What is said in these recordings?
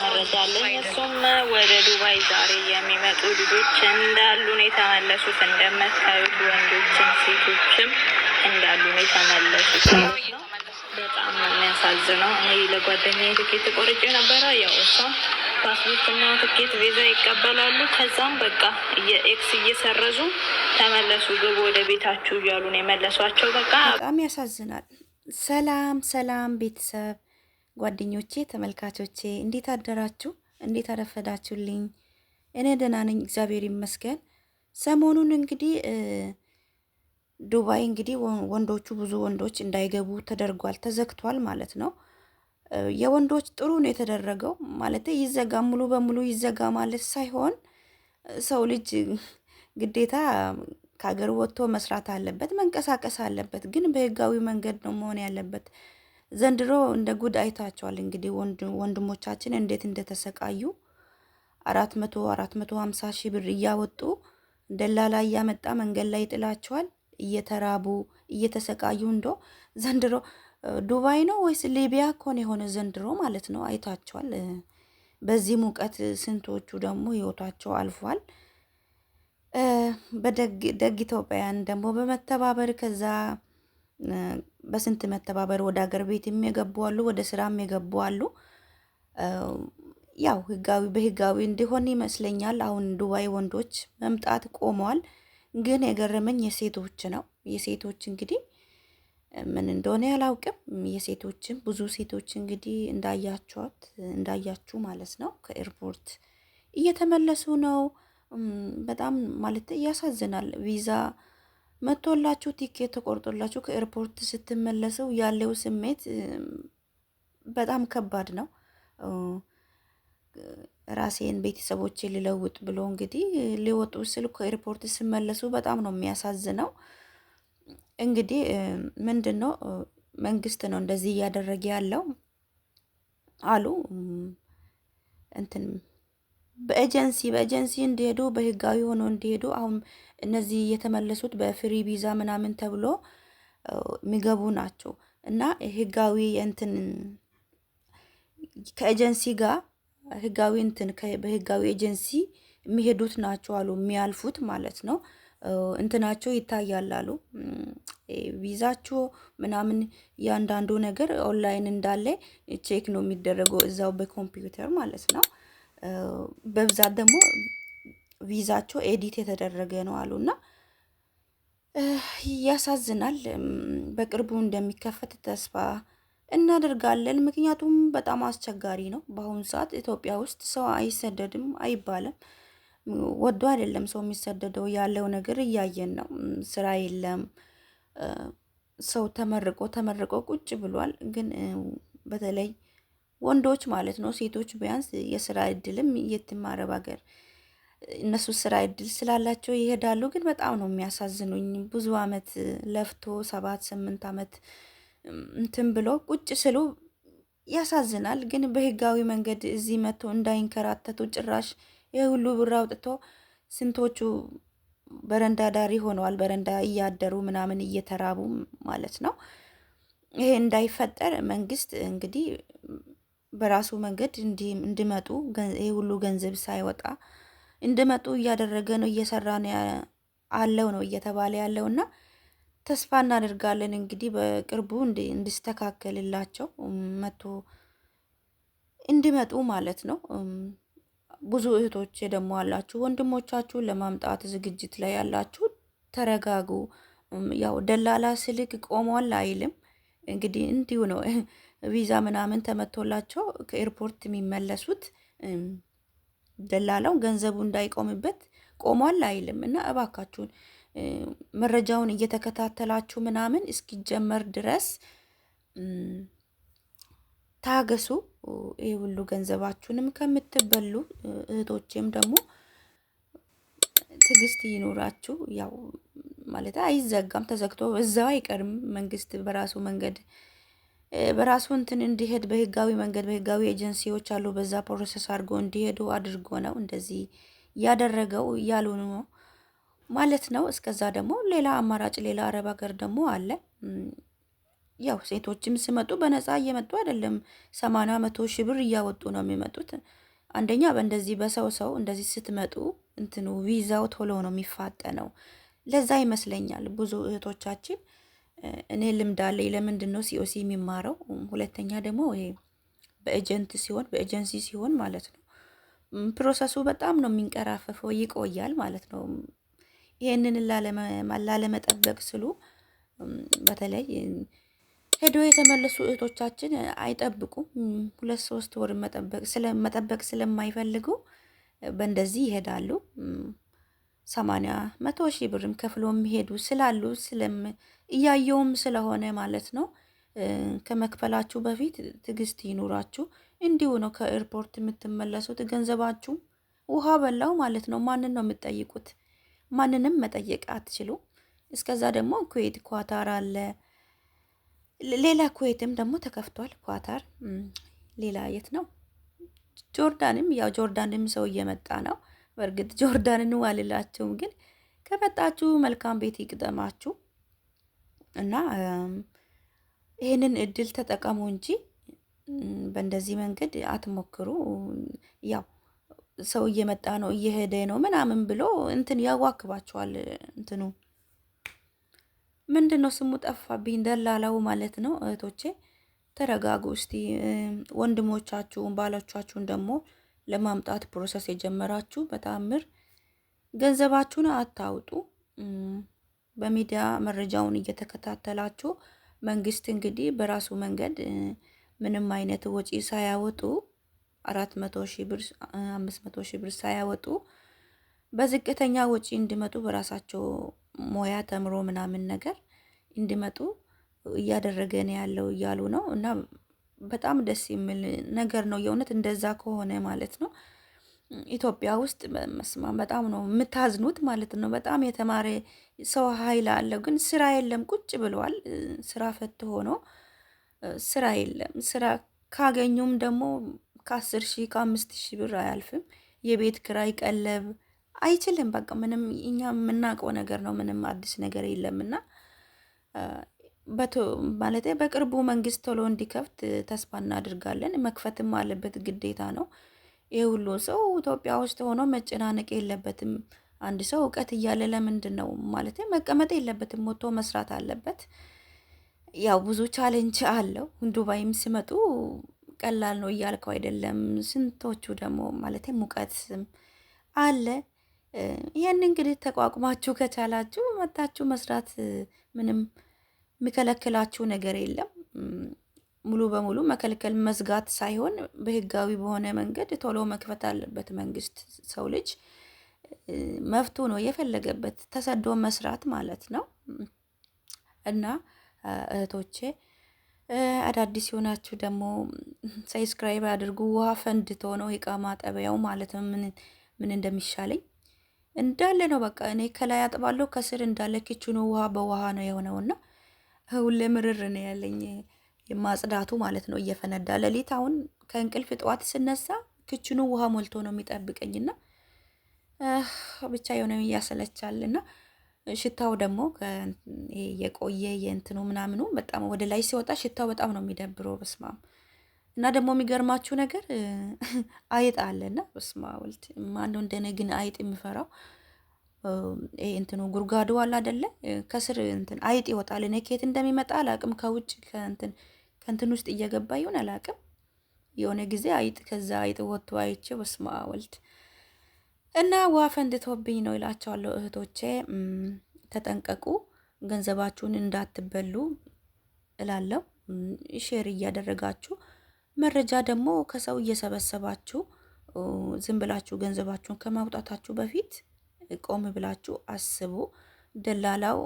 መረጃለን እሱም ወደ ዱባይ ዛሬ የሚመጡ ልጆች እንዳሉ ነው የተመለሱት እንደምታዩት ወንዶችም ሴቶችም እንዳሉ ነው የተመለሱት ነው። በጣም የሚያሳዝነው እኔ ለጓደኛ ትኬት ቆርጬ ነበረ። ያው እሷም ፓስፖርትና ትኬት ቪዛ ይቀበላሉ። ከዛም በቃ የኤክስ እየሰረዙ ተመለሱ፣ ግቡ ወደ ቤታችሁ እያሉ ነው የመለሷቸው። በቃ በጣም ያሳዝናል። ሰላም ሰላም ቤተሰብ ጓደኞቼ ተመልካቾቼ እንዴት አደራችሁ? እንዴት አረፈዳችሁልኝ? እኔ ደህና ነኝ፣ እግዚአብሔር ይመስገን። ሰሞኑን እንግዲህ ዱባይ እንግዲህ ወንዶቹ ብዙ ወንዶች እንዳይገቡ ተደርጓል፣ ተዘግቷል ማለት ነው። የወንዶች ጥሩ ነው የተደረገው ማለት ይዘጋ ሙሉ በሙሉ ይዘጋ ማለት ሳይሆን ሰው ልጅ ግዴታ ከሀገር ወጥቶ መስራት አለበት፣ መንቀሳቀስ አለበት። ግን በህጋዊ መንገድ ነው መሆን ያለበት። ዘንድሮ እንደ ጉድ አይታቸዋል። እንግዲህ ወንድሞቻችን እንዴት እንደተሰቃዩ አራት መቶ አራት መቶ ሀምሳ ሺህ ብር እያወጡ ደላላ እያመጣ መንገድ ላይ ይጥላቸዋል። እየተራቡ እየተሰቃዩ እንዶ ዘንድሮ ዱባይ ነው ወይስ ሊቢያ ኮን የሆነ ዘንድሮ ማለት ነው። አይታቸዋል። በዚህ ሙቀት ስንቶቹ ደግሞ ህይወታቸው አልፏል። በደግ ኢትዮጵያውያን ደግሞ በመተባበር ከዛ በስንት መተባበር ወደ ሀገር ቤት የሚገቡ አሉ፣ ወደ ስራም የገቡ አሉ። ያው ህጋዊ በህጋዊ እንዲሆን ይመስለኛል። አሁን ዱባይ ወንዶች መምጣት ቆመዋል። ግን የገረመኝ የሴቶች ነው። የሴቶች እንግዲህ ምን እንደሆነ ያላውቅም። የሴቶችም ብዙ ሴቶች እንግዲህ እንዳያችኋት እንዳያችሁ ማለት ነው ከኤርፖርት እየተመለሱ ነው። በጣም ማለት ያሳዝናል። ቪዛ መቶላችሁ ቲኬት ተቆርጦላችሁ ከኤርፖርት ስትመለሰው ያለው ስሜት በጣም ከባድ ነው። ራሴን ቤተሰቦቼ ሊለውጥ ብሎ እንግዲህ ሊወጡ ስል ከኤርፖርት ስመለሱ በጣም ነው የሚያሳዝነው። እንግዲህ ምንድን ነው መንግስት ነው እንደዚህ እያደረገ ያለው አሉ እንትን በኤጀንሲ በኤጀንሲ እንዲሄዱ በህጋዊ ሆኖ እንዲሄዱ አሁን እነዚህ የተመለሱት በፍሪ ቪዛ ምናምን ተብሎ የሚገቡ ናቸው እና ህጋዊ እንትን ከኤጀንሲ ጋር ህጋዊ እንትን በህጋዊ ኤጀንሲ የሚሄዱት ናቸው አሉ የሚያልፉት ማለት ነው። እንትናቸው ይታያል አሉ ቪዛቸው ምናምን እያንዳንዱ ነገር ኦንላይን እንዳለ ቼክ ነው የሚደረገው እዛው በኮምፒውተር ማለት ነው። በብዛት ደግሞ ቪዛቸው ኤዲት የተደረገ ነው አሉና ያሳዝናል። በቅርቡ እንደሚከፈት ተስፋ እናደርጋለን። ምክንያቱም በጣም አስቸጋሪ ነው። በአሁኑ ሰዓት ኢትዮጵያ ውስጥ ሰው አይሰደድም አይባልም። ወዶ አይደለም ሰው የሚሰደደው፣ ያለው ነገር እያየን ነው። ስራ የለም። ሰው ተመርቆ ተመርቆ ቁጭ ብሏል። ግን በተለይ ወንዶች ማለት ነው። ሴቶች ቢያንስ የስራ እድልም የትማረብ ሀገር እነሱ ስራ እድል ስላላቸው ይሄዳሉ። ግን በጣም ነው የሚያሳዝኑኝ። ብዙ አመት ለፍቶ ሰባት ስምንት አመት እንትን ብሎ ቁጭ ስሉ ያሳዝናል። ግን በህጋዊ መንገድ እዚህ መጥቶ እንዳይንከራተቱ ጭራሽ ይህ ሁሉ ብር አውጥቶ ስንቶቹ በረንዳ ዳሪ ሆነዋል። በረንዳ እያደሩ ምናምን እየተራቡ ማለት ነው። ይሄ እንዳይፈጠር መንግስት እንግዲህ በራሱ መንገድ እንዲመጡ ይህ ሁሉ ገንዘብ ሳይወጣ እንዲመጡ እያደረገ ነው እየሰራ አለው ነው እየተባለ ያለው እና ተስፋ እናደርጋለን እንግዲህ በቅርቡ እንዲስተካከልላቸው መቶ እንዲመጡ ማለት ነው። ብዙ እህቶች ደግሞ አላችሁ፣ ወንድሞቻችሁ ለማምጣት ዝግጅት ላይ ያላችሁ ተረጋጉ። ያው ደላላ ስልክ ቆሟል አይልም እንግዲህ እንዲሁ ነው። ቪዛ ምናምን ተመቶላቸው ከኤርፖርት የሚመለሱት ደላላው ገንዘቡ እንዳይቆምበት ቆሟል አይልም። እና እባካችሁን መረጃውን እየተከታተላችሁ ምናምን እስኪጀመር ድረስ ታገሱ። ይህ ሁሉ ገንዘባችሁንም ከምትበሉ እህቶቼም ደግሞ ትግስት ይኖራችሁ። ያው ማለት አይዘጋም፣ ተዘግቶ እዛው አይቀርም። መንግስት በራሱ መንገድ በራሱ እንትን እንዲሄድ በህጋዊ መንገድ በህጋዊ ኤጀንሲዎች አሉ። በዛ ፕሮሰስ አድርጎ እንዲሄዱ አድርጎ ነው እንደዚህ ያደረገው እያሉ ነው ማለት ነው። እስከዛ ደግሞ ሌላ አማራጭ ሌላ አረብ ሀገር ደግሞ አለ። ያው ሴቶችም ሲመጡ በነፃ እየመጡ አይደለም። ሰማንያ መቶ ሺህ ብር እያወጡ ነው የሚመጡት። አንደኛ በእንደዚህ በሰው ሰው እንደዚህ ስትመጡ እንትኑ ቪዛው ቶሎ ነው የሚፋጠነው። ለዛ ይመስለኛል ብዙ እህቶቻችን እኔ ልምድ አለኝ። ለምንድን ነው ሲኦሲ የሚማረው? ሁለተኛ ደግሞ ይሄ በኤጀንት ሲሆን በኤጀንሲ ሲሆን ማለት ነው ፕሮሰሱ በጣም ነው የሚንቀራፈፈው፣ ይቆያል ማለት ነው። ይሄንን ላለመጠበቅ ስሉ በተለይ ሄዶ የተመለሱ እህቶቻችን አይጠብቁም። ሁለት ሶስት ወር መጠበቅ ስለማይፈልጉ በእንደዚህ ይሄዳሉ። ሰማንያ መቶ ሺህ ብርም ከፍሎ የሚሄዱ ስላሉ ስለም እያየውም ስለሆነ ማለት ነው። ከመክፈላችሁ በፊት ትዕግስት ይኑራችሁ። እንዲሁ ነው ከኤርፖርት የምትመለሱት። ገንዘባችሁ ውሃ በላው ማለት ነው። ማንን ነው የምትጠይቁት? ማንንም መጠየቅ አትችሉ። እስከዛ ደግሞ ኩዌት፣ ኳታር አለ። ሌላ ኩዌትም ደግሞ ተከፍቷል። ኳታር ሌላ የት ነው? ጆርዳንም ያው ጆርዳንም ሰው እየመጣ ነው በእርግጥ ጆርዳን ነው ግን ከመጣችሁ መልካም ቤት ይቅጠማችሁ እና ይህንን እድል ተጠቀሙ እንጂ በእንደዚህ መንገድ አትሞክሩ። ያው ሰው እየመጣ ነው እየሄደ ነው ምናምን ብሎ እንትን ያዋክባችኋል። እንትኑ ምንድን ነው ስሙ ጠፋብኝ፣ ደላላው ማለት ነው። እህቶቼ ተረጋጉ እስቲ። ወንድሞቻችሁን ባሎቻችሁን ደግሞ ለማምጣት ፕሮሰስ የጀመራችሁ በተአምር ገንዘባችሁን አታውጡ። በሚዲያ መረጃውን እየተከታተላችሁ መንግስት እንግዲህ በራሱ መንገድ ምንም አይነት ወጪ ሳያወጡ አራት መቶ ሺ ብር አምስት መቶ ሺ ብር ሳያወጡ በዝቅተኛ ወጪ እንዲመጡ በራሳቸው ሞያ ተምሮ ምናምን ነገር እንዲመጡ እያደረገ ነው ያለው እያሉ ነው እና በጣም ደስ የሚል ነገር ነው። የእውነት እንደዛ ከሆነ ማለት ነው ኢትዮጵያ ውስጥ መስማ በጣም ነው የምታዝኑት ማለት ነው። በጣም የተማረ ሰው ኃይል አለው፣ ግን ስራ የለም። ቁጭ ብሏል። ስራ ፈት ሆኖ ስራ የለም። ስራ ካገኙም ደግሞ ከአስር ሺህ ከአምስት ሺህ ብር አያልፍም። የቤት ክራይ ቀለብ አይችልም። በቃ ምንም እኛ የምናውቀው ነገር ነው። ምንም አዲስ ነገር የለምና ማለት በቅርቡ መንግስት ቶሎ እንዲከፍት ተስፋ እናድርጋለን። መክፈትም አለበት ግዴታ ነው። ይህ ሁሉ ሰው ኢትዮጵያ ውስጥ ሆኖ መጨናነቅ የለበትም። አንድ ሰው እውቀት እያለ ለምንድን ነው ማለት መቀመጥ የለበትም፣ ወጥቶ መስራት አለበት። ያው ብዙ ቻሌንጅ አለው። ዱባይም ሲመጡ ቀላል ነው እያልከው አይደለም። ስንቶቹ ደግሞ ማለት ሙቀት አለ። ይህን እንግዲህ ተቋቁማችሁ ከቻላችሁ መታችሁ መስራት ምንም የሚከለክላችሁ ነገር የለም። ሙሉ በሙሉ መከልከል መዝጋት ሳይሆን በህጋዊ በሆነ መንገድ ቶሎ መክፈት አለበት መንግስት። ሰው ልጅ መብቱ ነው የፈለገበት ተሰዶ መስራት ማለት ነው። እና እህቶቼ አዳዲስ የሆናችሁ ደግሞ ሰብስክራይብ አድርጉ። ውሃ ፈንድቶ ነው እቃ ማጠቢያው ማለት ነው። ምን እንደሚሻለኝ እንዳለ ነው። በቃ እኔ ከላይ አጥባለሁ፣ ከስር እንዳለ ኪችኑ ውሃ በውሃ ነው የሆነውና ሁሌ ምርር ነው ያለኝ የማጽዳቱ ማለት ነው። እየፈነዳ ለሊት አሁን ከእንቅልፍ ጠዋት ስነሳ ክችኑ ውሃ ሞልቶ ነው የሚጠብቀኝና ብቻ የሆነ እያሰለቻል እና ሽታው ደግሞ የቆየ የእንትኑ ምናምኑ በጣም ወደ ላይ ሲወጣ ሽታው በጣም ነው የሚደብሮ። በስማም እና ደግሞ የሚገርማችሁ ነገር አይጥ አለና በስማ ወልድ ማነው እንደነ ግን አይጥ የሚፈራው ይሄ እንትኑ ጉርጓዱ አለ አይደለ? ከስር እንትን አይጥ ይወጣል። እኔ ከየት እንደሚመጣ አላቅም። ከውጭ ከእንትን ውስጥ እየገባ ይሁን አላቅም። የሆነ ጊዜ አይጥ ከዛ አይጥ ወጥቶ አይቼ በስመ አብ ወልድ እና ዋፈ እንድትወብኝ ነው ይላቸዋለሁ። እህቶቼ ተጠንቀቁ፣ ገንዘባችሁን እንዳትበሉ እላለሁ። ሼር እያደረጋችሁ መረጃ ደግሞ ከሰው እየሰበሰባችሁ ዝም ብላችሁ ገንዘባችሁን ከማውጣታችሁ በፊት ቆም ብላችሁ አስቡ። ደላላው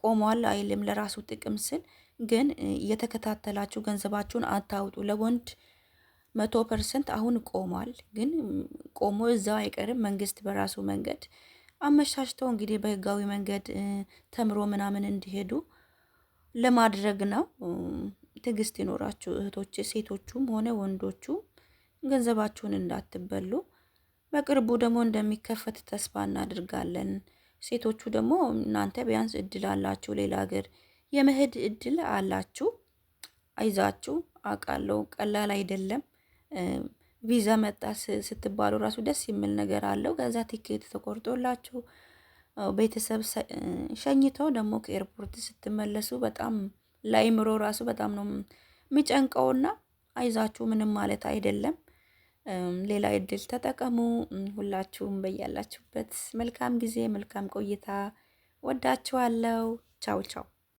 ቆሟል አይልም ለራሱ ጥቅም ስል ግን እየተከታተላችሁ ገንዘባችሁን አታውጡ። ለወንድ መቶ ፐርሰንት አሁን ቆሟል፣ ግን ቆሞ እዛው አይቀርም። መንግስት በራሱ መንገድ አመሻሽተው እንግዲህ በህጋዊ መንገድ ተምሮ ምናምን እንዲሄዱ ለማድረግ ነው። ትዕግስት ይኖራችሁ እህቶች፣ ሴቶቹም ሆነ ወንዶቹ ገንዘባችሁን እንዳትበሉ። በቅርቡ ደግሞ እንደሚከፈት ተስፋ እናድርጋለን። ሴቶቹ ደግሞ እናንተ ቢያንስ እድል አላችሁ፣ ሌላ ሀገር የመሄድ እድል አላችሁ። አይዛችሁ አውቃለሁ፣ ቀላል አይደለም። ቪዛ መጣ ስትባሉ ራሱ ደስ የሚል ነገር አለው። ከዛ ቲኬት ተቆርጦላችሁ ቤተሰብ ሸኝተው ደግሞ ከኤርፖርት ስትመለሱ በጣም ለአይምሮ ራሱ በጣም ነው የሚጨንቀውና አይዛችሁ ምንም ማለት አይደለም። ሌላ እድል ተጠቀሙ። ሁላችሁም በያላችሁበት መልካም ጊዜ፣ መልካም ቆይታ። ወዳችኋለሁ። ቻው ቻው